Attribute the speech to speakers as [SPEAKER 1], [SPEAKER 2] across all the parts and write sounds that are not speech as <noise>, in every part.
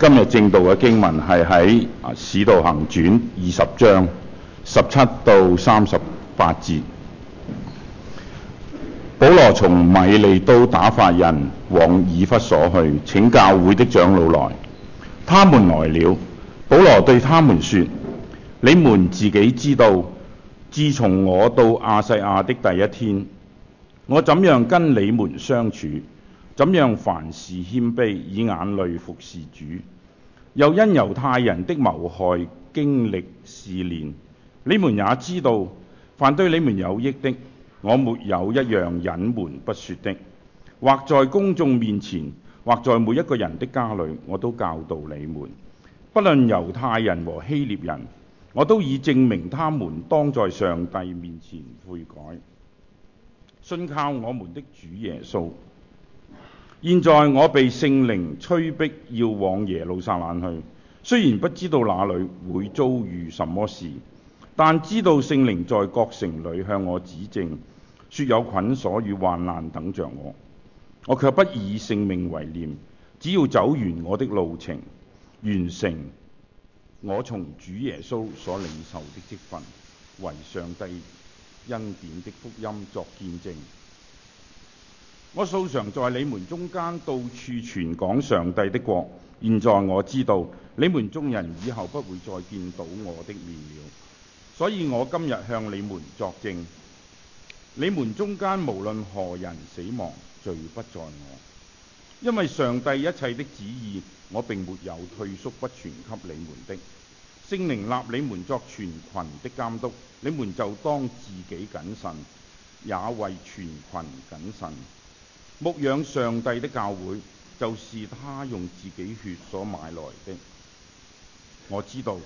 [SPEAKER 1] 今日正道嘅經文係喺《使徒行傳》二十章十七到三十八節。保羅從米利都打發人往以弗所去，請教會的長老來。他們來了，保羅對他們説：你們自己知道，自從我到亞細亞的第一天，我怎樣跟你們相處。怎樣凡事謙卑，以眼淚服侍主，又因猶太人的謀害經歷試煉，你們也知道，凡對你們有益的，我沒有一樣隱瞞不說的，或在公眾面前，或在每一個人的家裏，我都教導你們。不論猶太人和希臘人，我都已證明他們當在上帝面前悔改，信靠我們的主耶穌。現在我被聖靈催逼要往耶路撒冷去，雖然不知道哪裡會遭遇什麼事，但知道聖靈在各城裡向我指證，說有捆鎖與患難等着我。我卻不以性命為念，只要走完我的路程，完成我從主耶穌所領受的職分，為上帝恩典的福音作見證。我素常在你們中間到處傳講上帝的國。現在我知道你們中人以後不會再見到我的面了，所以我今日向你們作證：你們中間無論何人死亡，罪不在我，因為上帝一切的旨意我並沒有退縮不傳給你們的。聖靈立你們作全群的監督，你們就當自己謹慎，也為全群謹慎。牧養上帝的教會，就是他用自己血所買來的。我知道，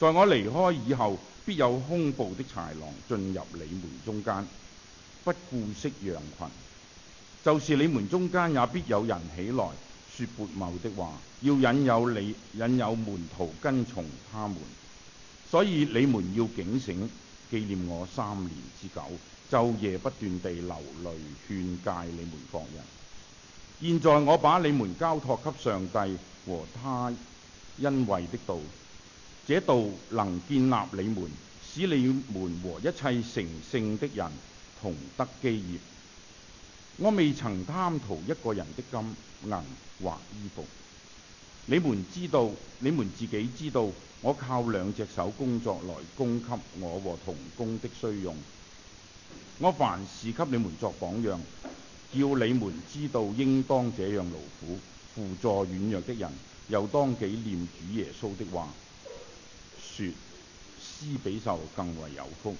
[SPEAKER 1] 在我離開以後，必有凶暴的豺狼進入你們中間，不顧惜羊群；就是你們中間也必有人起來說悖謬的話，要引誘你，引誘門徒跟從他們。所以你們要警醒，紀念我三年之久。晝夜不斷地流淚勸誡你們各人。現在我把你們交託給上帝和他恩惠的道，這道能建立你們，使你們和一切成聖的人同得基業。我未曾貪圖一個人的金銀或衣服。你們知道，你們自己知道，我靠兩隻手工作來供給我和同工的需用。我凡事給你們作榜樣，叫你們知道應當這樣勞苦，扶助軟弱的人，又當紀念主耶穌的話，說：施比受更為有福。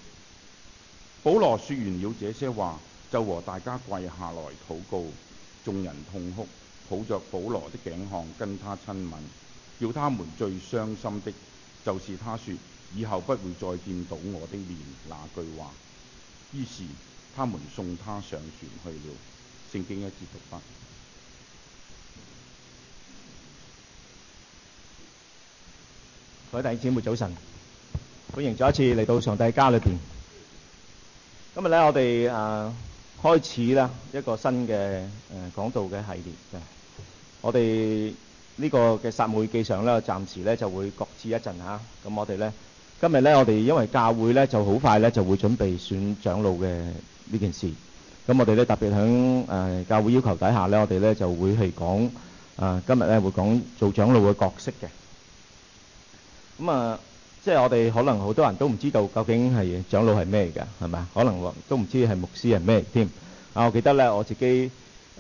[SPEAKER 1] 保羅說完了這些話，就和大家跪下來禱告。眾人痛哭，抱着保羅的頸項跟他親吻，叫他們最傷心的，就是他說以後不會再見到我的面那句話。於是，他們送他上船去了。聖經一節讀翻。
[SPEAKER 2] 各位弟兄姊妹早晨，歡迎再一次嚟到上帝家裏邊。今日咧，我哋誒、啊、開始啦一個新嘅誒講道嘅系列嘅。我哋呢個嘅撒母耳記上咧，暫時咧就會擱置一陣嚇。咁、啊嗯、我哋咧。今日咧，我哋因為教會咧就好快咧就會準備選長老嘅呢件事。咁我哋咧特別喺誒教會要求底下咧，我哋咧就會係講啊，今日咧會講做長老嘅角色嘅。咁啊，即係我哋可能好多人都唔知道究竟係長老係咩嚟㗎，係咪啊？可能都唔知係牧師係咩嚟㗎添。啊，我記得咧我自己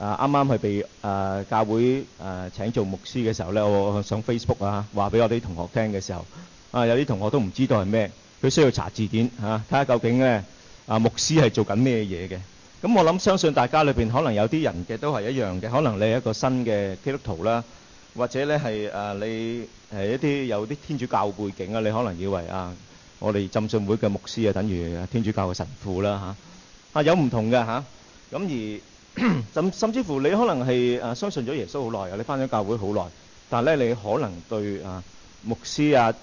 [SPEAKER 2] 啊啱啱係被啊教會誒請做牧師嘅時候咧，我上 Facebook 啊話俾我啲同學聽嘅時候。啊！有啲同學都唔知道係咩，佢需要查字典嚇，睇下究竟咧啊，牧師係做緊咩嘢嘅？咁我諗相信大家裏邊可能有啲人嘅都係一樣嘅。可能你係一個新嘅基督徒啦，或者咧係誒你係一啲有啲天主教背景啊，你可能以為啊，我哋浸信會嘅牧師啊，就等於天主教嘅神父啦嚇啊，有唔同嘅嚇，咁而甚甚至乎你可能係誒相信咗耶穌好耐啊，你返咗教會好耐，但係咧你可能對啊牧師啊～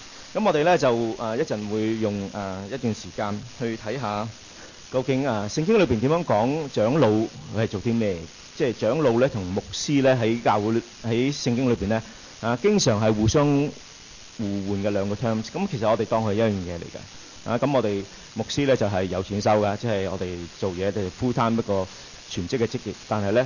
[SPEAKER 2] 咁我哋咧就誒一陣會用誒一段時間去睇下究竟誒聖經裏邊點樣講長老係做啲咩？即係長老咧同牧師咧喺教會喺聖經裏邊咧啊，經常係互相互換嘅兩個 terms。咁其實我哋當佢一樣嘢嚟㗎啊！咁我哋牧師咧就係有錢收㗎，即係我哋做嘢就係 full time 一個全職嘅職業，但係咧，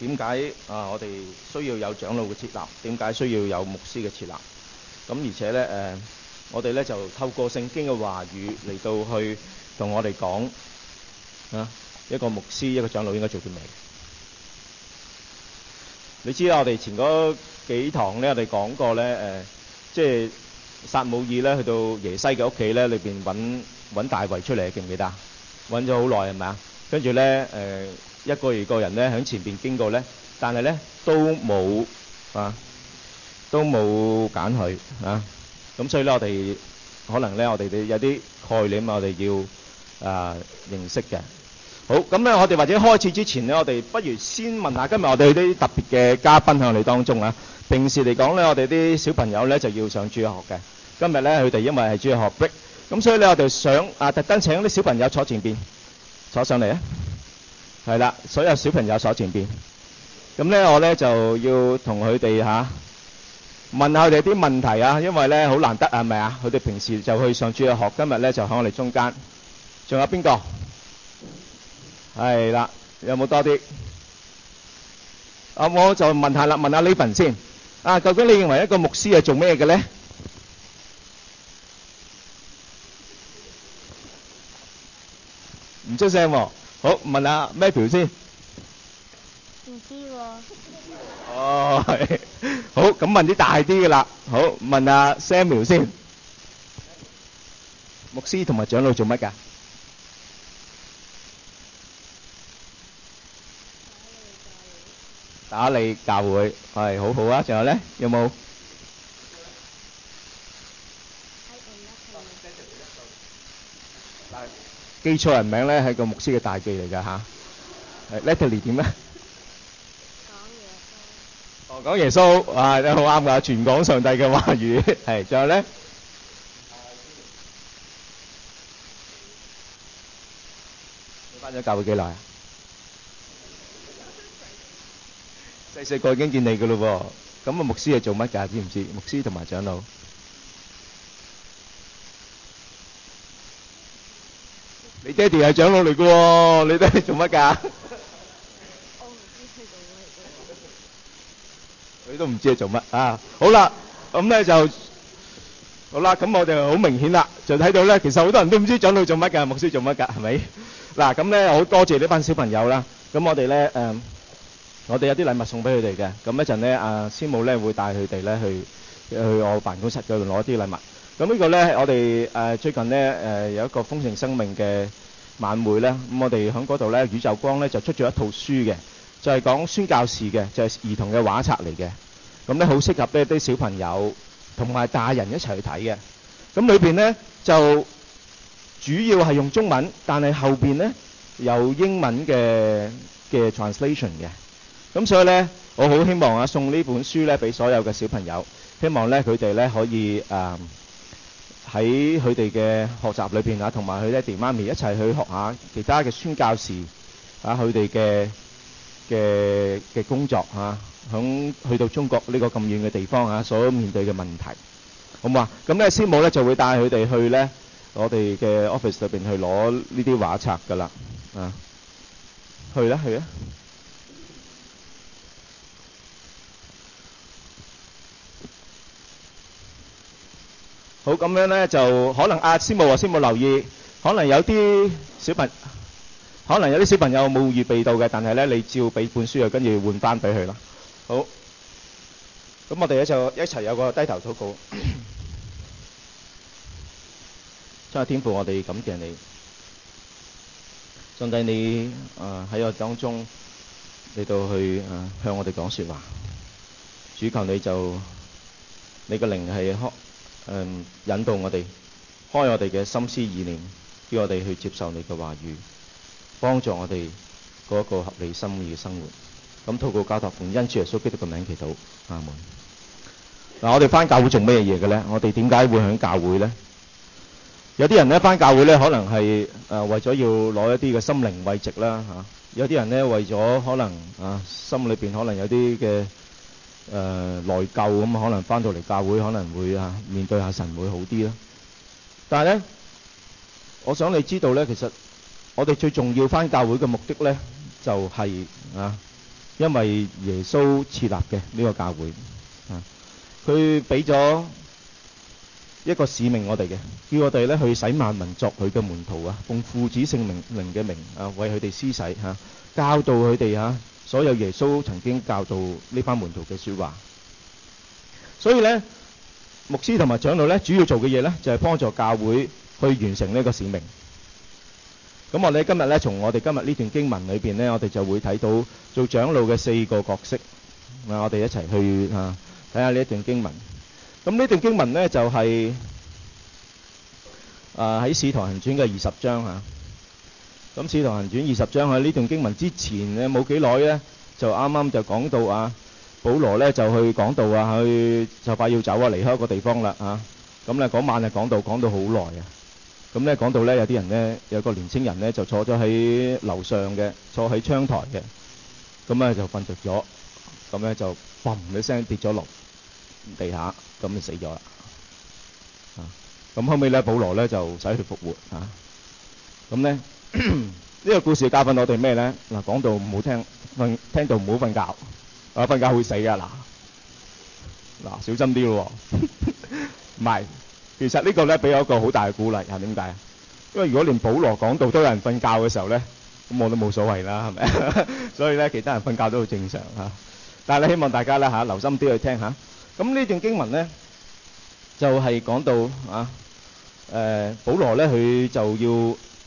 [SPEAKER 2] 點解啊？我哋需要有長老嘅設立，點解需要有牧師嘅設立？咁而且咧誒、呃，我哋咧就透過聖經嘅話語嚟到去同我哋講啊，一個牧師一個長老應該做啲咩？你知啦，我哋前嗰幾堂咧，我哋講過咧誒、呃，即係撒母耳咧去到耶西嘅屋企咧，裏邊揾揾大衛出嚟，記唔記得？揾咗好耐係咪啊？跟住咧誒。一個一個人咧喺前邊經過咧，但係咧都冇啊，都冇揀佢啊。咁所以咧，我哋可能咧，我哋啲有啲概念啊，我哋要啊認識嘅。好，咁咧我哋或者開始之前咧，我哋不如先問下今日我哋啲特別嘅嘉賓喺我哋當中啊。平時嚟講咧，我哋啲小朋友咧就要上主學嘅，今日咧佢哋因為係主學 break，咁所以咧我哋想啊，特登請啲小朋友坐前邊，坐上嚟啊。係啦，所有小朋友坐前邊。咁咧，我咧就要同佢哋吓問下佢哋啲問題啊，因為咧好難得係咪啊？佢哋平時就去上主日學，今日咧就喺我哋中間。仲有邊個？係啦，有冇多啲？啊，我就問下啦，問下呢份先。啊，究竟你認為一個牧師係做咩嘅咧？唔出聲。好，問阿 Michael 先，
[SPEAKER 3] 唔
[SPEAKER 2] 知喎。哦，係，好，咁問啲大啲嘅啦。好，問阿 Samuel 先，牧師同埋長老做乜㗎？打理教會係，好好啊。仲有咧，有冇？記錯人名咧，係個牧師嘅大忌嚟㗎嚇。係 Letty 點咧？講耶穌。哦，講耶穌啊，你好啱㗎，全講上帝嘅話語。係，仲有咧？你返咗教會幾耐啊？細細個已經見你㗎咯喎。咁啊，牧師係做乜㗎？知唔知牧師同埋長老？你爹哋係長老嚟嘅，你都係做乜噶？我唔知佢做乜。佢都唔知係做乜啊！好啦，咁咧就好啦，咁我哋好明顯啦，就睇到咧，其實好多人都唔知長老做乜噶，牧師做乜噶，係咪？嗱，咁咧我好多謝呢班小朋友啦，咁我哋咧誒，我哋有啲禮物送俾佢哋嘅，咁一陣咧阿師母咧會帶佢哋咧去去我辦公室嗰度攞啲禮物。咁呢個咧，我哋誒最近咧誒有一個豐盛生命嘅晚會咧，咁我哋喺嗰度咧宇宙光咧就出咗一套書嘅，就係講宣教士嘅，就係兒童嘅畫冊嚟嘅。咁咧好適合咧啲小朋友同埋大人一齊去睇嘅。咁裏邊咧就主要係用中文，但係後邊咧有英文嘅嘅 translation 嘅。咁所以咧，我好希望啊送呢本書咧俾所有嘅小朋友，希望咧佢哋咧可以誒。喺佢哋嘅學習裏邊啊，同埋佢爹地媽咪一齊去學下其他嘅宣教士啊，佢哋嘅嘅嘅工作啊，響去到中國呢個咁遠嘅地方啊，所面對嘅問題，好嘛？咁呢師母呢就會帶佢哋去呢，我哋嘅 office 裏邊去攞呢啲畫冊噶啦，啊，去啦去啦。好咁樣咧，就可能阿師母阿師母留意，可能有啲小朋，可能有啲小朋友冇預備到嘅，但係咧，你照俾本書啊，跟住換翻俾佢啦。好，咁我哋咧就一齊有個低頭禱告，真係天父，我哋感謝你，上帝你誒喺我當中嚟到去誒向我哋講説話。主求你就你個靈係開。嗯，引導我哋開我哋嘅心思意念，叫我哋去接受你嘅話語，幫助我哋過一個合理心意嘅生活。咁透過交託奉恩主耶穌基督嘅名祈禱，阿門。嗱，我哋返教會做咩嘢嘅咧？我哋點解會喺教會咧？有啲人咧返教會咧，可能係誒為咗要攞一啲嘅心靈慰藉啦嚇。有啲人咧為咗可能啊，心裏邊可能有啲嘅。誒內疚咁，可能返到嚟教會可能會啊面對下神會好啲咯。但係咧，我想你知道咧，其實我哋最重要返教會嘅目的咧，就係啊，因為耶穌設立嘅呢個教會啊，佢俾咗一個使命我哋嘅，叫我哋咧去使萬民作佢嘅門徒啊，奉父子聖靈嘅名啊，為佢哋施洗嚇，教導佢哋嚇。所有耶穌曾經教導呢班門徒嘅説話，所以咧牧師同埋長老咧主要做嘅嘢咧就係幫助教會去完成呢個使命。咁我哋今日咧從我哋今日呢段經文裏邊咧，我哋就會睇到做長老嘅四個角色。咁我哋一齊去啊睇下呢一段經文。咁呢段經文咧就係啊喺《使徒行傳》嘅二十章嚇。咁《使徒行傳》二十章喺呢段經文之前咧，冇幾耐咧，就啱啱就講到啊，保羅咧就去講道啊，佢就快要走啊，離開個地方啦啊！咁咧嗰晚啊講道講到好耐啊，咁咧講到咧有啲人咧有個年青人咧就坐咗喺樓上嘅，坐喺窗台嘅，咁咧就瞓著咗，咁咧就嘭一聲跌咗落地下，咁就死咗啦。啊！咁後尾咧保羅咧就洗血復活啊！咁咧。呢個故事教訓我哋咩咧？嗱，講到唔好聽，瞓聽到唔好瞓覺，啊，瞓覺會死噶，嗱，嗱，小心啲咯。唔係，其實呢個咧俾我一個好大嘅鼓勵，係點解啊？因為如果連保羅講道都有人瞓覺嘅時候咧，咁我都冇所謂啦，係咪？所以咧，其他人瞓覺都好正常吓。但係咧，希望大家咧吓留心啲去聽吓。咁呢段經文咧，就係講到啊，誒，保羅咧佢就要。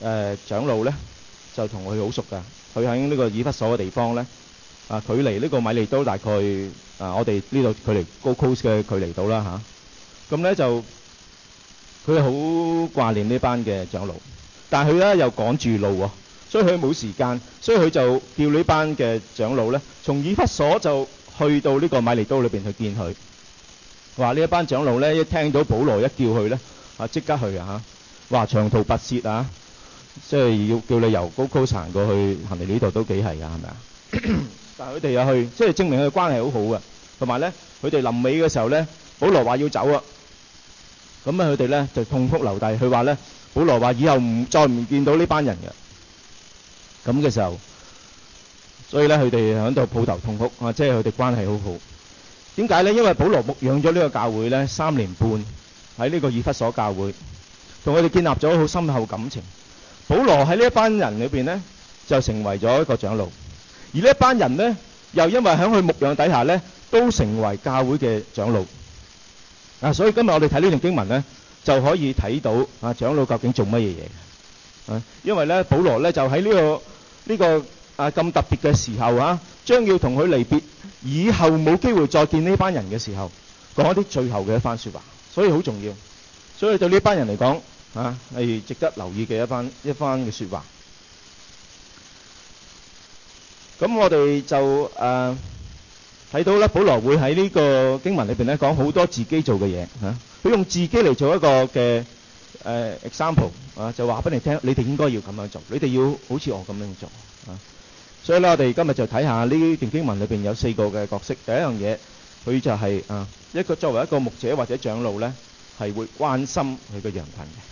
[SPEAKER 2] 誒長老咧就同佢好熟㗎。佢喺呢個以弗所嘅地方咧，啊距離呢個米利都大概啊，我哋呢度距離 Gold Coast 嘅距離到啦嚇。咁咧就佢好掛念呢班嘅長老，但係佢咧又趕住路喎，所以佢冇時間，所以佢就叫呢班嘅長老咧，從以弗所就去到呢個米利都裏邊去見佢。話呢一班長老咧一聽到保羅一叫佢咧啊，即刻去啊嚇！話長途跋涉啊！即係要叫你由高高層過去行嚟呢度都幾係㗎，係咪啊？但係佢哋又去，即係證明佢關係好好嘅。同埋咧，佢哋臨尾嘅時候咧，保羅話要走啊。咁啊，佢哋咧就痛哭流涕，佢話咧：保羅話以後唔再唔見到呢班人嘅。咁嘅時候，所以咧，佢哋喺度抱頭痛哭啊！即係佢哋關係好好。點解咧？因為保羅牧養咗呢個教會咧三年半喺呢個以弗所教會，同佢哋建立咗好深厚感情。保羅喺呢一班人裏邊呢，就成為咗一個長老，而呢一班人呢，又因為喺佢牧養底下呢，都成為教會嘅長老。啊，所以今日我哋睇呢段經文呢，就可以睇到啊，長老究竟做乜嘢嘢？啊，因為呢，保羅呢，就喺呢個呢個啊咁特別嘅時候啊，將要同佢離別，以後冇機會再見呢班人嘅時候，講一啲最後嘅一番說話，所以好重要。所以對呢班人嚟講，嚇，係值得留意嘅一番一番嘅説話。咁我哋就誒睇到咧，保羅會喺呢個經文裏邊咧，講好多自己做嘅嘢嚇。佢用自己嚟做一個嘅誒 example，啊，就話俾你聽，你哋應該要咁樣做，你哋要好似我咁樣做嚇。所以咧，我哋今日就睇下呢段經文裏邊有四個嘅角色。第一樣嘢，佢就係啊一個作為一個牧者或者長老咧，係會關心佢嘅羊群嘅。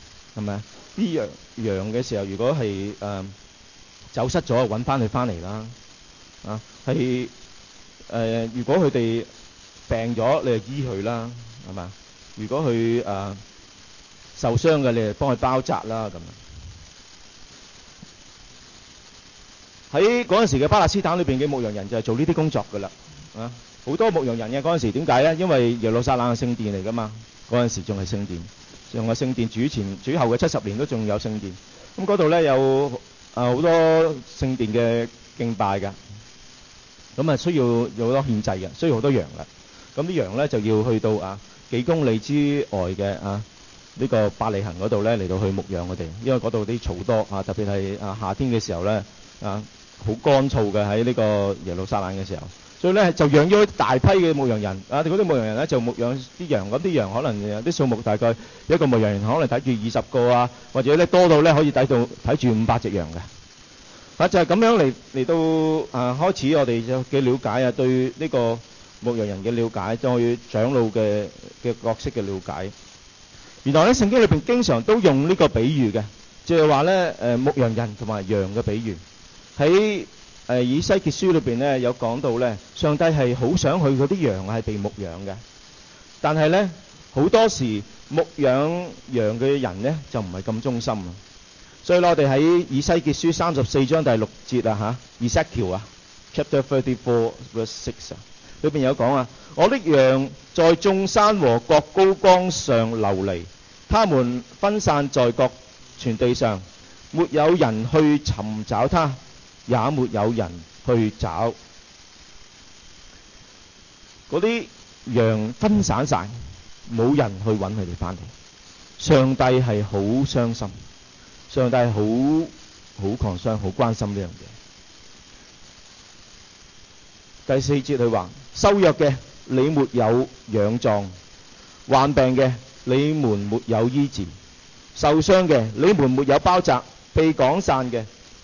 [SPEAKER 2] 係咪啊？啲羊嘅時候，如果係誒走失咗，揾翻佢翻嚟啦。啊，係誒、呃，如果佢哋病咗，你就醫佢啦。係咪如果佢誒、呃、受傷嘅，你就幫佢包紮啦。咁樣喺嗰陣時嘅巴勒斯坦裏邊嘅牧羊人就係做呢啲工作㗎啦。啊，好多牧羊人嘅嗰陣時點解咧？因為耶路撒冷係聖殿嚟㗎嘛。嗰陣時仲係聖殿。用個聖殿主前主後嘅七十年都仲有聖殿，咁嗰度咧有啊好、呃、多聖殿嘅敬拜㗎，咁、嗯、啊需要有好多獻祭嘅，需要好多羊啦。咁、嗯、啲羊咧就要去到啊幾公里之外嘅啊、這個、呢個伯利恆嗰度咧嚟到去牧養我哋，因為嗰度啲草多啊，特別係啊夏天嘅時候咧啊好乾燥嘅喺呢個耶路撒冷嘅時候。所以咧就養咗一大批嘅牧羊人啊！嗰啲牧羊人咧就牧養啲羊，咁啲羊可能啲數目大概一個牧羊人可能睇住二十個啊，或者咧多到咧可以睇到睇住五百隻羊嘅。啊，就係咁樣嚟嚟到啊開始，我哋嘅瞭解啊，對呢個牧羊人嘅瞭解，再長老嘅嘅角色嘅瞭解。原來咧，聖經裏邊經常都用呢個比喻嘅，就係話咧誒牧羊人同埋羊嘅比喻喺。誒以西結書裏邊咧有講到咧，上帝係好想佢嗰啲羊係被牧養嘅，但係咧好多時牧養羊嘅人咧就唔係咁忠心啦。所以我哋喺以西結書三十四章第六節啊嚇，Ezekiel 啊 Chapter Thirty-four Verse Six 啊，裏邊有講啊，我的羊在眾山和各高崗上流離，他們分散在各全地上，沒有人去尋找他。也沒有人去找嗰啲羊，分散晒，冇人去揾佢哋翻嚟。上帝係好傷心，上帝好好 concerned，好關心呢樣嘢。第四節佢話：瘦弱嘅，你沒有養壯；患病嘅，你們沒有醫治；受傷嘅，你們沒有包紮；被趕散嘅，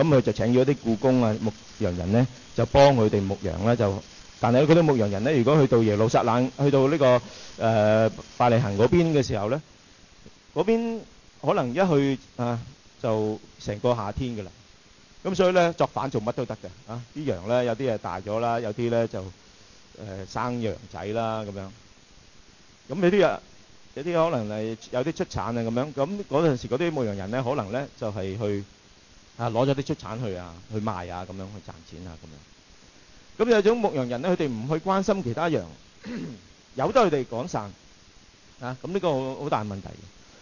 [SPEAKER 2] 咁佢就請咗啲雇工啊，牧羊人咧就幫佢哋牧羊咧就，但係咧嗰啲牧羊人咧，如果去到耶路撒冷，去到呢個誒伯利恆嗰邊嘅時候咧，嗰邊可能一去啊就成個夏天嘅啦。咁所以咧作反做乜都得嘅啊！啲羊咧有啲係大咗啦，有啲咧就誒生羊仔啦咁樣。咁有啲啊，有啲可能係有啲出產啊咁樣。咁嗰陣時嗰啲牧羊人咧，可能咧就係去。啊！攞咗啲出產去啊，去賣啊，咁樣去賺錢啊，咁樣。咁有種牧羊人咧，佢哋唔去關心其他羊，由得佢哋講散。啊！咁呢個好大問題。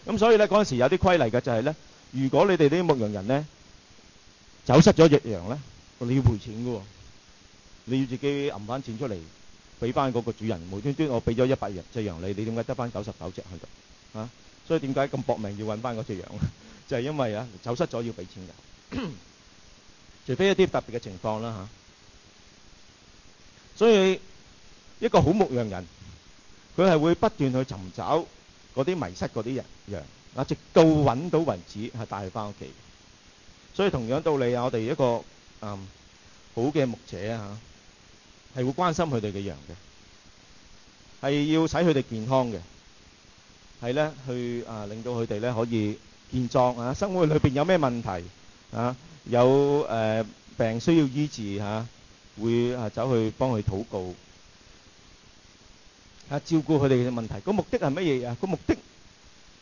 [SPEAKER 2] 咁所以咧嗰陣時有啲規例嘅就係咧，如果你哋啲牧羊人咧走失咗隻羊咧，你要賠錢嘅喎，你要自己揞翻錢出嚟俾翻嗰個主人。無端端我俾咗一百隻羊你，你點解得翻九十九隻喺度？啊！所以點解咁搏命要揾翻嗰隻羊咧？就係因為啊，走失咗要俾錢嘅。 <coughs> 除非一啲特別嘅情況啦吓，所以一個好牧羊人，佢係會不斷去尋找嗰啲迷失嗰啲人羊啊，直到搵到為止，係帶佢翻屋企。所以同樣道理、嗯、啊，我哋一個嗯好嘅牧者啊吓，係會關心佢哋嘅羊嘅，係要使佢哋健康嘅，係咧去啊令到佢哋咧可以健壯啊，生活裏邊有咩問題？啊！有誒病需要醫治嚇，會啊走去幫佢禱告，啊照顧佢哋嘅問題。個目的係乜嘢啊？個目的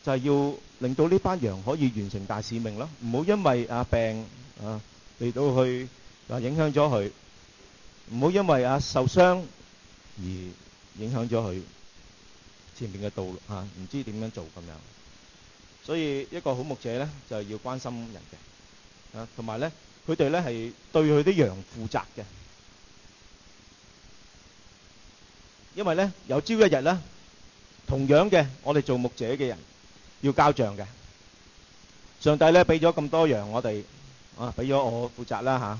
[SPEAKER 2] 就係要令到呢班羊可以完成大使命咯。唔好因為啊病啊嚟到去啊影響咗佢，唔好因為啊受傷而影響咗佢前面嘅道路嚇，唔知點樣做咁樣。所以一個好牧者咧，就係要關心人嘅。啊，同埋咧，佢哋咧係對佢啲羊負責嘅，因為咧有朝一日咧，同樣嘅，我哋做牧者嘅人要交賬嘅。上帝咧俾咗咁多羊，我哋啊俾咗我負責啦嚇，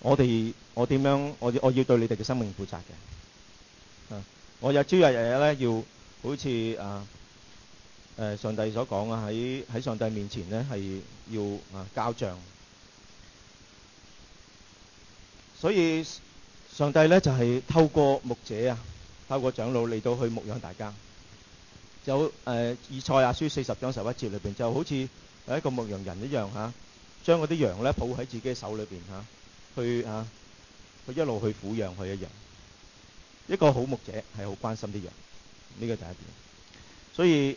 [SPEAKER 2] 我哋我點樣我我要對你哋嘅生命負責嘅。啊，我有朝一日咧要好似啊。誒上帝所講啊，喺喺上帝面前咧，係要啊交帳。所以上帝咧就係透過牧者啊，透過長老嚟到去牧養大家。就誒以賽亞書四十章十一節裏邊，就好似係一個牧羊人一樣嚇，將嗰啲羊咧抱喺自己手裏邊嚇，去嚇佢一路去撫養佢嘅羊。一個好牧者係好關心啲羊，呢個第一點。所以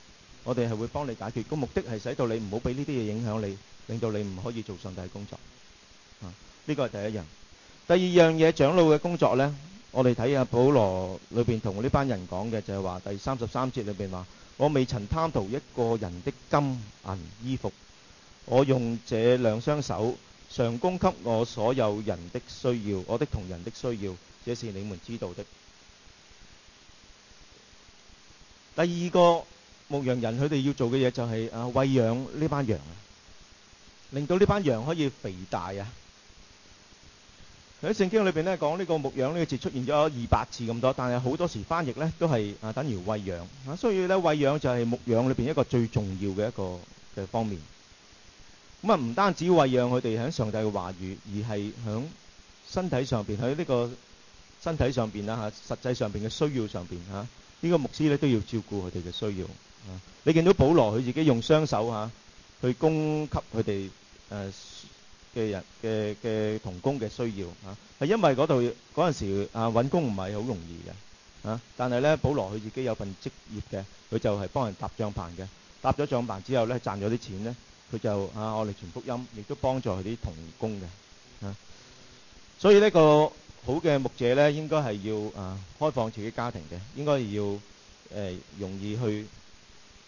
[SPEAKER 2] 我哋係會幫你解決，個目的係使到你唔好俾呢啲嘢影響你，令到你唔可以做上帝工作。啊，呢個係第一樣。第二樣嘢，長老嘅工作呢，我哋睇下保羅裏邊同呢班人講嘅就係話第三十三節裏邊話：我未曾貪圖一個人的金銀衣服，我用這兩雙手常供給我所有人的需要，我的同人的需要，這是你們知道的。第二個。牧羊人佢哋要做嘅嘢就係啊餵養呢班羊啊，令到呢班羊可以肥大啊。喺聖經裏邊咧講呢個牧羊呢個字出現咗二百次咁多，但係好多時翻譯咧都係啊等於餵養啊，所以咧餵養就係牧養裏邊一個最重要嘅一個嘅方面。咁啊唔單止餵養佢哋喺上帝嘅話語，而係喺身體上邊喺呢個身體上邊啦嚇實際上邊嘅需要上邊嚇呢個牧師咧都要照顧佢哋嘅需要。你見到保羅佢自己用雙手嚇去供給佢哋誒嘅人嘅嘅同工嘅需要嚇，係因為嗰度嗰陣時啊揾工唔係好容易嘅嚇，但係咧保羅佢自己有份職業嘅，佢就係幫人搭帳棚嘅，搭咗帳棚之後咧賺咗啲錢咧，佢就啊用嚟傳福音，亦都幫助佢啲同工嘅嚇。所以呢個好嘅牧者咧，應該係要啊開放自己家庭嘅，應該要誒容易去。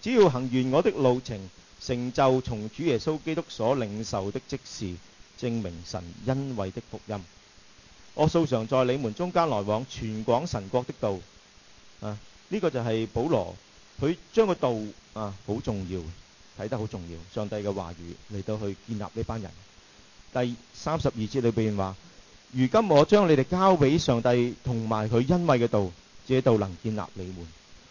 [SPEAKER 2] 只要行完我的路程，成就從主耶穌基督所領受的職事，證明神恩惠的福音。我素常在你們中間來往，傳講神國的道。啊，呢個就係保羅，佢將個道啊好重要，睇得好重要。上帝嘅話語嚟到去建立呢班人。第三十二節裏邊話：如今我將你哋交俾上帝，同埋佢恩惠嘅道，這道能建立你們。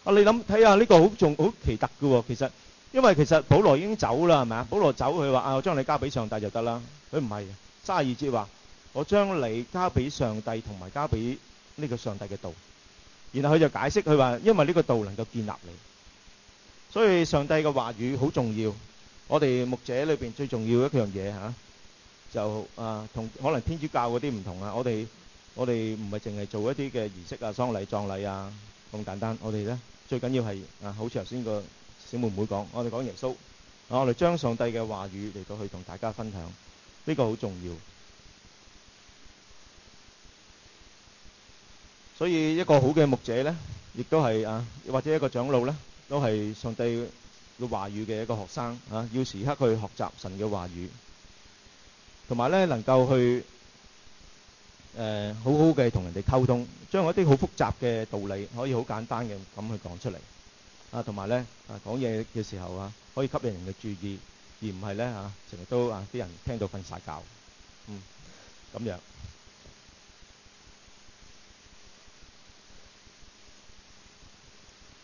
[SPEAKER 2] 啊！你諗睇下呢個好仲好奇特嘅喎，其實因為其實保羅已經走啦，係咪啊？保羅走佢話啊，我將你交俾上帝就得啦。佢唔係，卅二節話我將你交俾上帝同埋交俾呢個上帝嘅道。然後佢就解釋佢話，因為呢個道能夠建立你，所以上帝嘅話語好重要。我哋牧者裏邊最重要一樣嘢吓，就啊同可能天主教嗰啲唔同啊，我哋我哋唔係淨係做一啲嘅儀式啊、喪禮、葬禮啊咁簡單，我哋呢。最緊要係啊，好似頭先個小妹妹講，我哋講耶穌啊，我哋將上帝嘅話語嚟到去同大家分享，呢個好重要。所以一個好嘅牧者咧，亦都係啊，或者一個長老咧，都係上帝嘅話語嘅一個學生啊，要時刻去學習神嘅話語，同埋咧能夠去。誒好好嘅同人哋溝通，將一啲好複雜嘅道理可以好簡單嘅咁去講出嚟，啊同埋咧啊講嘢嘅時候啊，可以吸引人嘅注意，而唔係咧啊成日都啊啲人聽到瞓晒覺，嗯咁樣。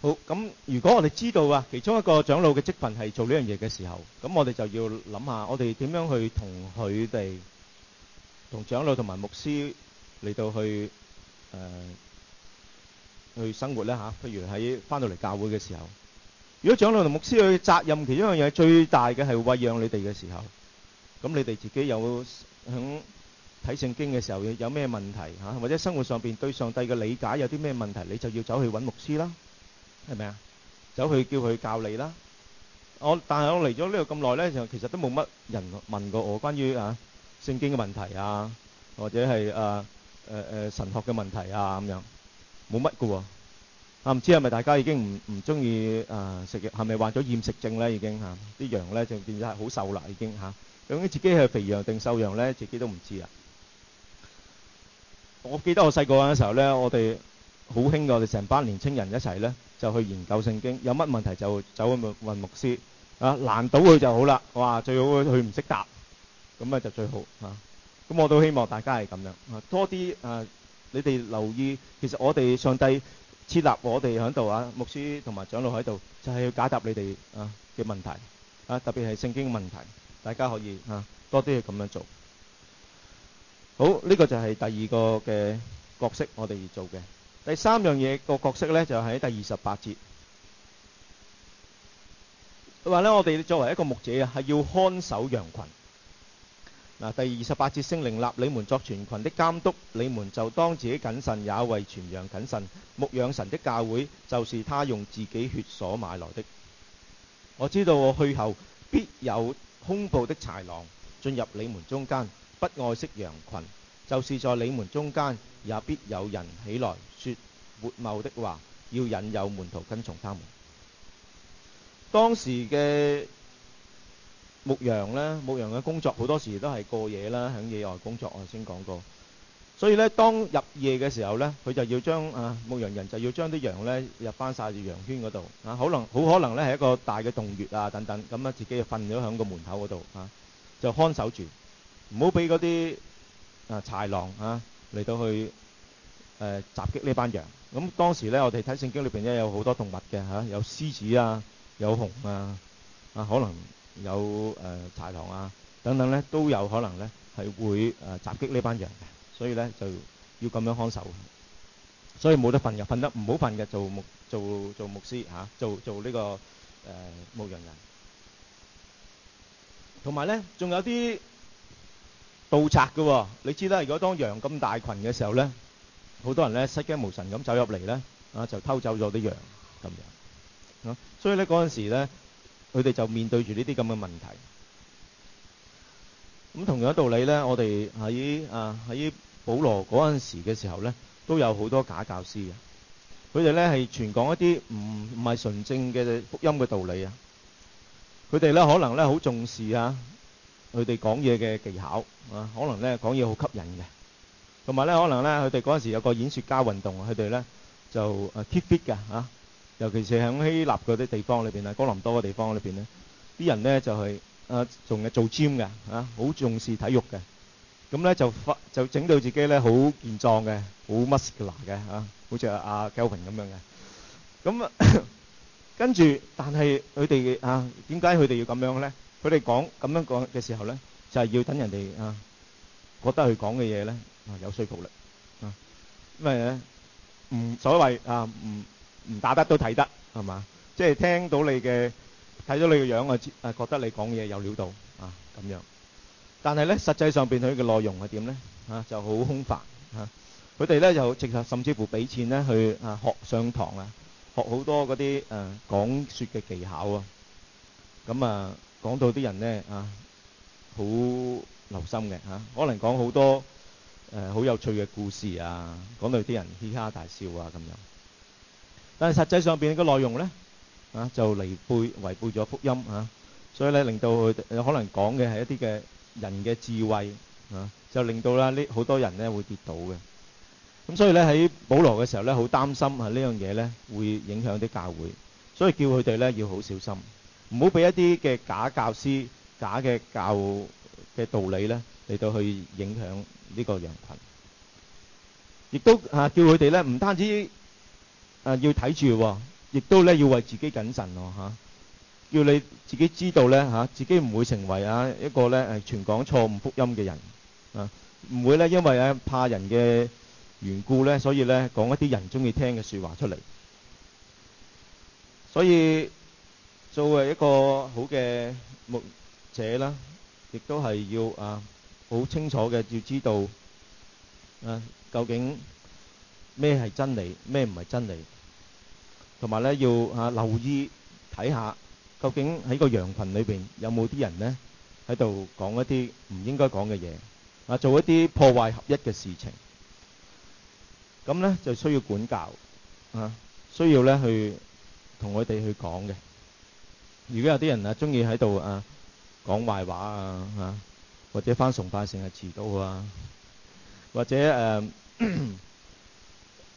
[SPEAKER 2] 好咁，如果我哋知道啊，其中一個長老嘅職份係做呢樣嘢嘅時候，咁我哋就要諗下，我哋點樣去同佢哋、同長老同埋牧師。嚟到去誒去生活啦嚇，譬如喺翻到嚟教會嘅時候，如果長老同牧師去責任其中一樣嘢最大嘅係喂養你哋嘅時候，咁你哋自己有響睇聖經嘅時候有咩問題嚇，或者生活上邊對上帝嘅理解有啲咩問題，你就要走去揾牧師啦，係咪啊？走去叫佢教你啦。我但係我嚟咗呢度咁耐咧，就其實都冇乜人問過我關於啊聖經嘅問題啊，或者係誒。誒誒神學嘅問題啊咁樣，冇乜嘅喎，啊唔知係咪大家已經唔唔中意啊食藥，係咪患咗厭食症咧已經嚇？啲羊咧就變咗係好瘦啦已經嚇，究竟自己係肥羊定瘦羊咧，自己都唔知啊！我記得我細個嗰陣時候咧，我哋好興嘅，我哋成班年青人一齊咧就去研究聖經，有乜問題就走去問問牧師，啊難倒佢就好啦，哇最好佢佢唔識答，咁啊就最好嚇。咁我都希望大家係咁樣啊，多啲啊，你哋留意。其實我哋上帝設立我哋喺度啊，牧師同埋長老喺度，就係要解答你哋啊嘅問題啊，特別係聖經問題，大家可以啊多啲去咁樣做。好，呢個就係第二個嘅角色我哋而做嘅。第三樣嘢個角色呢就喺第二十八節，話呢我哋作為一個牧者啊，係要看守羊羣。嗱，第二十八節，聖靈立你們作全群的監督，你們就當自己謹慎，也為全羊謹慎。牧養神的教會，就是他用自己血所買來的。我知道我去後必有凶暴的豺狼進入你們中間，不愛惜羊群；就是在你們中間，也必有人起來説悖謬的話，要引誘門徒跟從他們。當時嘅。牧羊咧，牧羊嘅工作好多時都係過夜啦，喺野外工作我頭先講過，所以咧當入夜嘅時候咧，佢就要將啊牧羊人就要將啲羊咧入翻晒住羊圈嗰度啊，可能好可能咧係一個大嘅洞穴啊等等，咁啊自己就瞓咗喺個門口嗰度啊，就看守住，唔好俾嗰啲啊豺狼啊嚟到去誒襲擊呢班羊。咁當時咧我哋睇聖經裏邊咧有好多動物嘅吓，有獅子啊，有熊啊，啊可能。有誒豺狼啊等等咧，都有可能咧係會誒襲擊呢班羊嘅，所以咧就要咁樣看守。所以冇得瞓嘅，瞓得唔好瞓嘅，做牧做做牧師嚇，做做呢個誒牧羊人。同埋咧，仲有啲盜賊嘅喎，你知啦，如果當羊咁大羣嘅時候咧，好多人咧失驚無神咁走入嚟咧，啊就偷走咗啲羊咁樣。啊，所以咧嗰陣時咧。佢哋就面對住呢啲咁嘅問題。咁同樣道理咧，我哋喺啊喺保羅嗰陣時嘅時候咧，都有好多假教師嘅。佢哋咧係傳講一啲唔唔係純正嘅福音嘅道理啊。佢哋咧可能咧好重視啊，佢哋講嘢嘅技巧啊，可能咧講嘢好吸引嘅。同埋咧可能咧，佢哋嗰陣時有個演説家運動，佢哋咧就啊 keep fit 㗎嚇。尤其是喺希臘嗰啲地方裏邊啊，哥林多嘅地方裏邊咧，啲人咧就係啊，仲係做 gym 嘅嚇，好重視體育嘅，咁咧就發就整到自己咧好健壯嘅，好 muscular 嘅嚇，好似阿阿 Kelvin 咁樣嘅，咁啊，跟住但係佢哋啊，點解佢哋要咁樣咧？佢哋講咁樣講嘅時候咧，就係要等人哋啊覺得佢講嘅嘢咧啊有說服力啊，因為咧唔所謂啊唔。唔打得都睇得係嘛，即係聽到你嘅睇到你嘅樣啊，啊覺得你講嘢有料到啊咁樣。但係咧實際上邊佢嘅內容係點咧？啊就好空泛啊！佢哋咧就其實甚至乎俾錢咧去啊學上堂啊，學好多嗰啲誒講説嘅技巧啊。咁啊講到啲人咧啊好留心嘅啊，可能講好多誒好有趣嘅故事啊，講到啲人嘻哈大笑啊咁樣。但係實際上面嘅內容咧，啊就離背違背咗福音啊，所以咧令到佢可能講嘅係一啲嘅人嘅智慧啊，就令到咧呢好多人咧會跌倒嘅。咁所以咧喺保羅嘅時候咧，好擔心啊呢樣嘢咧會影響啲教會，所以叫佢哋咧要好小心，唔好俾一啲嘅假教師、假嘅教嘅道理咧嚟到去影響呢個羊羣。亦都啊叫佢哋咧唔單止。啊，要睇住，啊，亦都咧要為自己謹慎哦、啊、吓、啊，要你自己知道咧，吓、啊，自己唔會成為啊一個咧全講錯誤福音嘅人，啊，唔會咧因為咧、啊、怕人嘅緣故咧，所以咧講一啲人中意聽嘅說話出嚟。所以作為一個好嘅牧者啦，亦都係要啊好清楚嘅要知道、啊、究竟咩係真理，咩唔係真理。同埋咧，要啊留意睇下，究竟喺個羊羣裏邊有冇啲人咧喺度講一啲唔應該講嘅嘢，啊做一啲破壞合一嘅事情，咁咧就需要管教，啊需要咧去同佢哋去講嘅。如果有啲人啊，中意喺度啊講壞話啊，啊或者翻崇拜成日遲到啊，或者誒。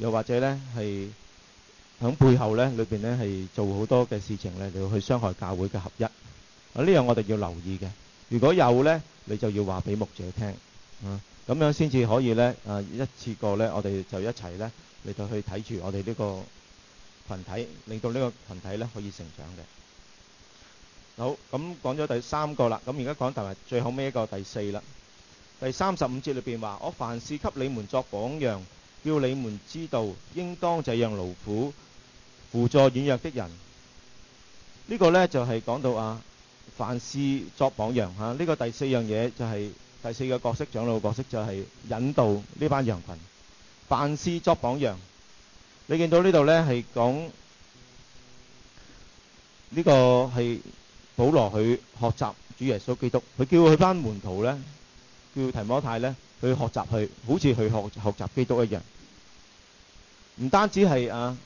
[SPEAKER 2] 又或者咧，係喺背後咧，裏邊咧係做好多嘅事情咧，你要去傷害教會嘅合一。啊，呢樣我哋要留意嘅。如果有咧，你就要話俾牧者聽。啊，咁樣先至可以咧，啊一次過咧，我哋就一齊咧，你就去睇住我哋呢個群體，令到呢個群體咧可以成長嘅。好，咁講咗第三個啦，咁而家講第埋最後尾一個第四啦。第三十五節裏邊話：我凡事給你們作榜樣。叫你們知道，應當這樣勞苦輔助軟弱的人。呢個咧就係講到啊，凡事作榜樣嚇。呢個第四樣嘢就係第四個角色，長老角色就係引導呢班羊羣，凡事作榜樣。你見到呢度咧係講呢個係保羅去學習主耶穌基督，佢叫佢班門徒咧，叫提摩太咧。去學習去，好似去學學習基督一樣。唔單止係啊，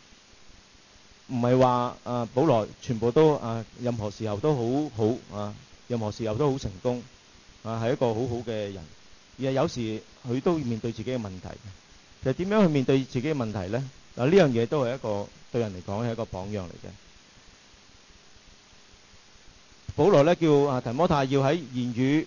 [SPEAKER 2] 唔係話啊，保羅全部都啊，任何時候都好好啊，任何時候都好成功啊，係一個好好嘅人。而係有時佢都要面對自己嘅問題。其實點樣去面對自己嘅問題咧？嗱，呢樣嘢都係一個對人嚟講係一個榜樣嚟嘅。保羅咧叫啊提摩太要喺言語，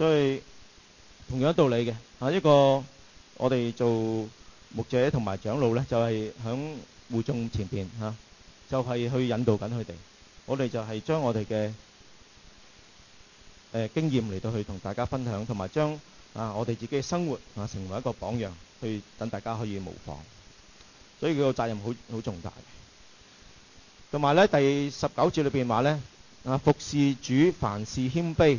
[SPEAKER 2] 所以同樣道理嘅，啊一個我哋做牧者同埋長老呢，就係響會眾前邊嚇，就係去引導緊佢哋。我哋就係將我哋嘅誒經驗嚟到去同大家分享，同埋將啊我哋自己嘅生活啊成為一個榜樣，去等大家可以模仿。所以佢個責任好好重大。同埋呢，第十九節裏邊話呢，啊服事主凡事謙卑。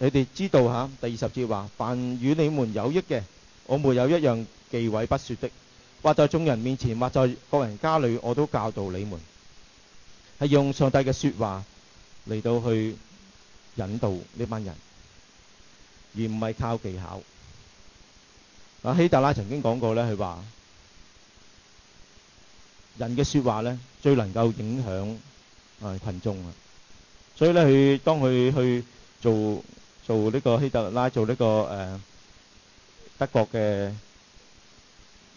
[SPEAKER 2] 你哋知道吓，第二十節話凡與你們有益嘅，我沒有一樣忌諱不説的。或在眾人面前，或在各人家裏，我都教導你們，係用上帝嘅説話嚟到去引導呢班人，而唔係靠技巧。阿希特拉曾經講過咧，佢話人嘅説話咧，最能夠影響啊羣眾啊，所以咧佢當佢去做。做呢個希特拉做呢個誒德國嘅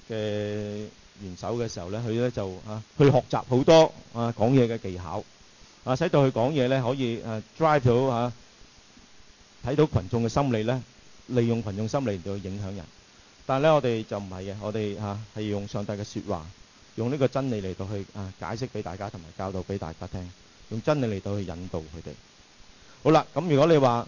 [SPEAKER 2] 嘅元首嘅時候咧，佢咧就嚇去學習好多啊講嘢嘅技巧啊，使到佢講嘢咧可以誒 drive 到嚇睇到羣眾嘅心理咧，利用羣眾心理嚟到影響人。但係咧，我哋就唔係嘅，我哋嚇係用上帝嘅説話，用呢個真理嚟到去啊解釋俾大家，同埋教導俾大家聽，用真理嚟到去引導佢哋。好啦，咁如果你話，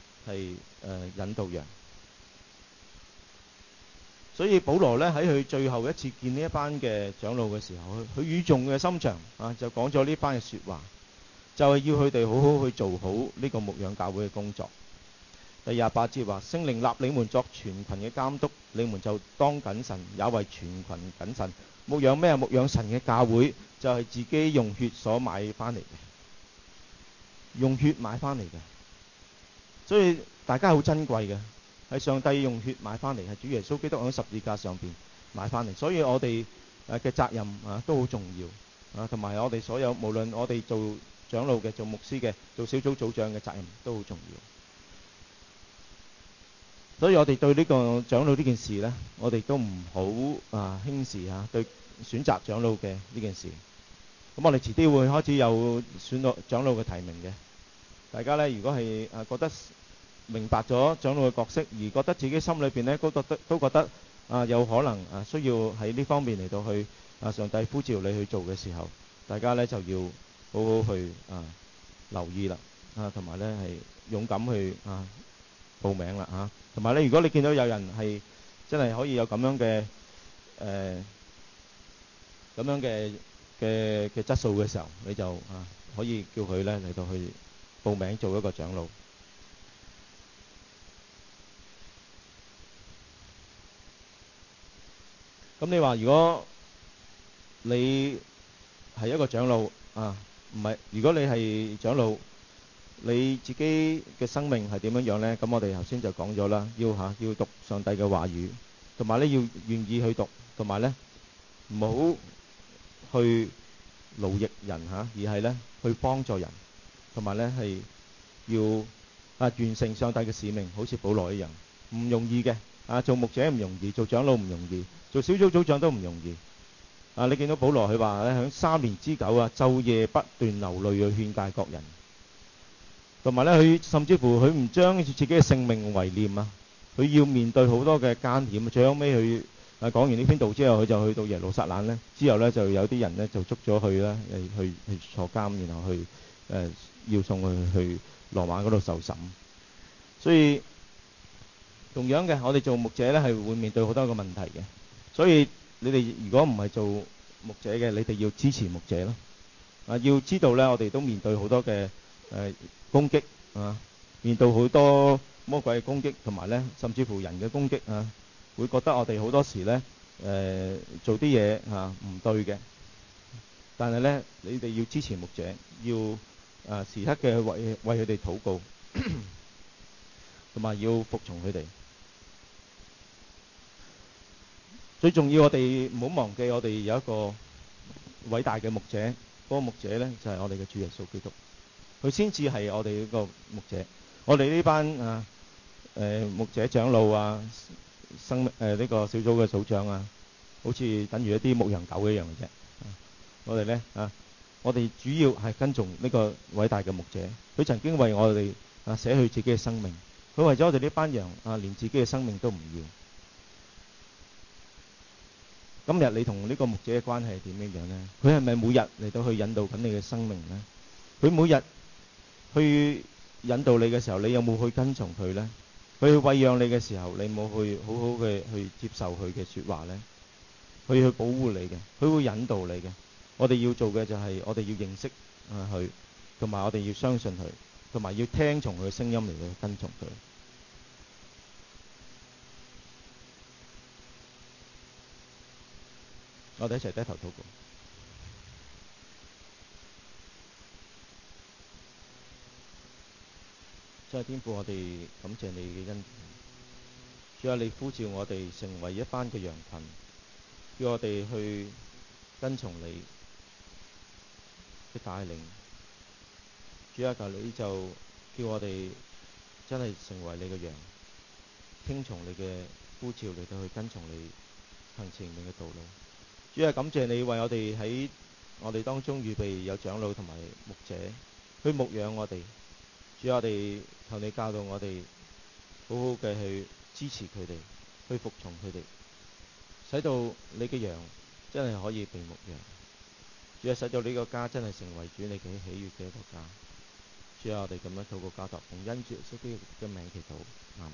[SPEAKER 2] 係誒、呃、引導人，所以保羅呢喺佢最後一次見呢一班嘅長老嘅時候，佢佢語重嘅心長啊，就講咗呢班嘅説話，就係、是、要佢哋好好去做好呢個牧養教會嘅工作。第廿八節話：聖靈立你們作全群嘅監督，你們就當謹慎，也為全群謹慎。牧養咩？牧養神嘅教會，就係、是、自己用血所買翻嚟嘅，用血買翻嚟嘅。所以大家好珍貴嘅，係上帝用血買翻嚟，係主耶穌基督喺十字架上邊買翻嚟。所以我哋嘅責任啊都好重要啊，同埋我哋所有無論我哋做長老嘅、做牧師嘅、做小組組長嘅責任都好重要。所以我哋對呢個長老呢件事咧，我哋都唔好啊輕視啊對選擇長老嘅呢件事。咁我哋遲啲會開始有選到長老嘅提名嘅，大家咧如果係啊覺得，明白咗長老嘅角色，而覺得自己心裏邊咧都，都覺得都覺得啊有可能啊需要喺呢方面嚟到去，啊上帝呼召你去做嘅時候，大家咧就要好好去啊留意啦啊，同埋咧係勇敢去啊報名啦吓同埋咧，如果你見到有人係真係可以有咁樣嘅誒咁樣嘅嘅嘅質素嘅時候，你就啊可以叫佢咧嚟到去報名做一個長老。咁、嗯、你話，如果你係一個長老啊，唔係，如果你係長老，你自己嘅生命係點樣樣呢？咁、嗯、我哋頭先就講咗啦，要嚇、啊、要讀上帝嘅話語，同埋咧要願意去讀，同埋咧唔好去奴役人嚇、啊，而係咧去幫助人，同埋咧係要啊完成上帝嘅使命，好似保羅一樣，唔容易嘅。啊，做牧者唔容易，做長老唔容易，做小組組長都唔容易。啊，你見到保羅佢話咧，喺三年之久啊，晝夜不斷流淚去勸誡各人，同埋咧，佢甚至乎佢唔將自己嘅性命為念啊，佢要面對好多嘅艱險。最後尾佢啊講完呢篇道之後，佢就去到耶路撒冷咧，之後咧就有啲人咧就捉咗佢咧，去去坐監，然後去誒要送佢去羅馬嗰度受審，所以。同樣嘅，我哋做牧者咧係會面對好多個問題嘅，所以你哋如果唔係做牧者嘅，你哋要支持牧者咯。啊，要知道咧，我哋都面對好多嘅誒攻擊啊，面對好多魔鬼嘅攻擊，同埋咧甚至乎人嘅攻擊啊，會覺得我哋好多時咧誒做啲嘢啊唔對嘅。但係咧，你哋要支持牧者，要啊時刻嘅為為佢哋禱告，同埋要服從佢哋。最重要，我哋唔好忘記，我哋有一個偉大嘅牧者，嗰個牧者咧就係我哋嘅主耶穌基督，佢先至係我哋呢個牧者。我哋呢班啊誒牧者長老啊生誒呢個小組嘅組長啊，好似等於一啲牧羊狗一樣嘅啫。我哋咧啊，我哋主要係跟從呢個偉大嘅牧者，佢曾經為我哋啊捨去自己嘅生命，佢為咗我哋呢班羊啊，連自己嘅生命都唔要。今日你同呢個牧者嘅關係係點樣樣呢？佢係咪每日嚟到去引導緊你嘅生命呢？佢每日去引導你嘅時候，你有冇去跟從佢呢？佢去餵養你嘅時候，你有冇去好好嘅去接受佢嘅説話呢？佢去保護你嘅，佢會引導你嘅。我哋要做嘅就係我哋要認識佢，同埋我哋要相信佢，同埋要聽從佢嘅聲音嚟到去跟從佢。我哋一齊低頭禱告，主啊，天父，我哋感謝你嘅恩典。主啊，你呼召我哋成為一班嘅羊群，叫我哋去跟從你嘅帶領。主啊，求你就叫我哋真係成為你嘅羊，聽從你嘅呼召，你就去跟從你行前面嘅道路。主啊，感謝你為我哋喺我哋當中預備有長老同埋牧者，去牧養我哋。主啊，我哋求你教導我哋，好好嘅去支持佢哋，去服從佢哋，使到你嘅羊真係可以被牧養，主啊，使到呢個家真係成為主你嘅喜悦嘅一個家。主啊，我哋咁樣透過教習同恩主耶穌嘅名祈禱，啱。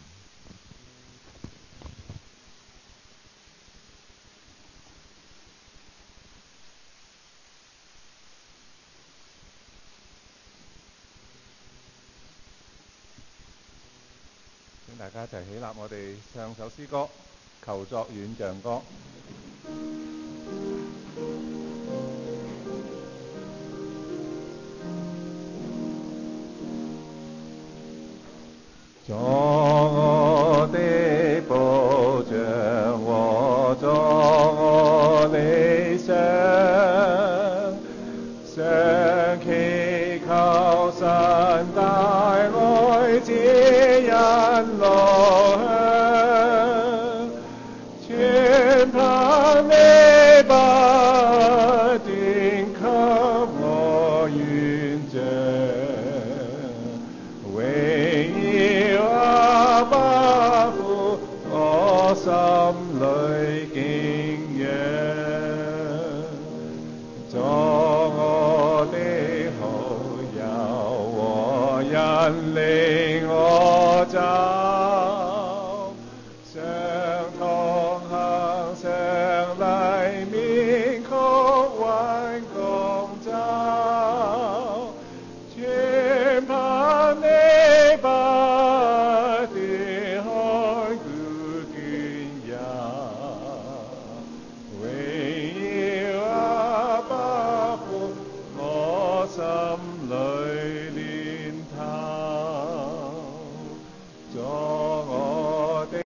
[SPEAKER 3] 一齊起立，我哋唱首詩歌《求作遠象歌》。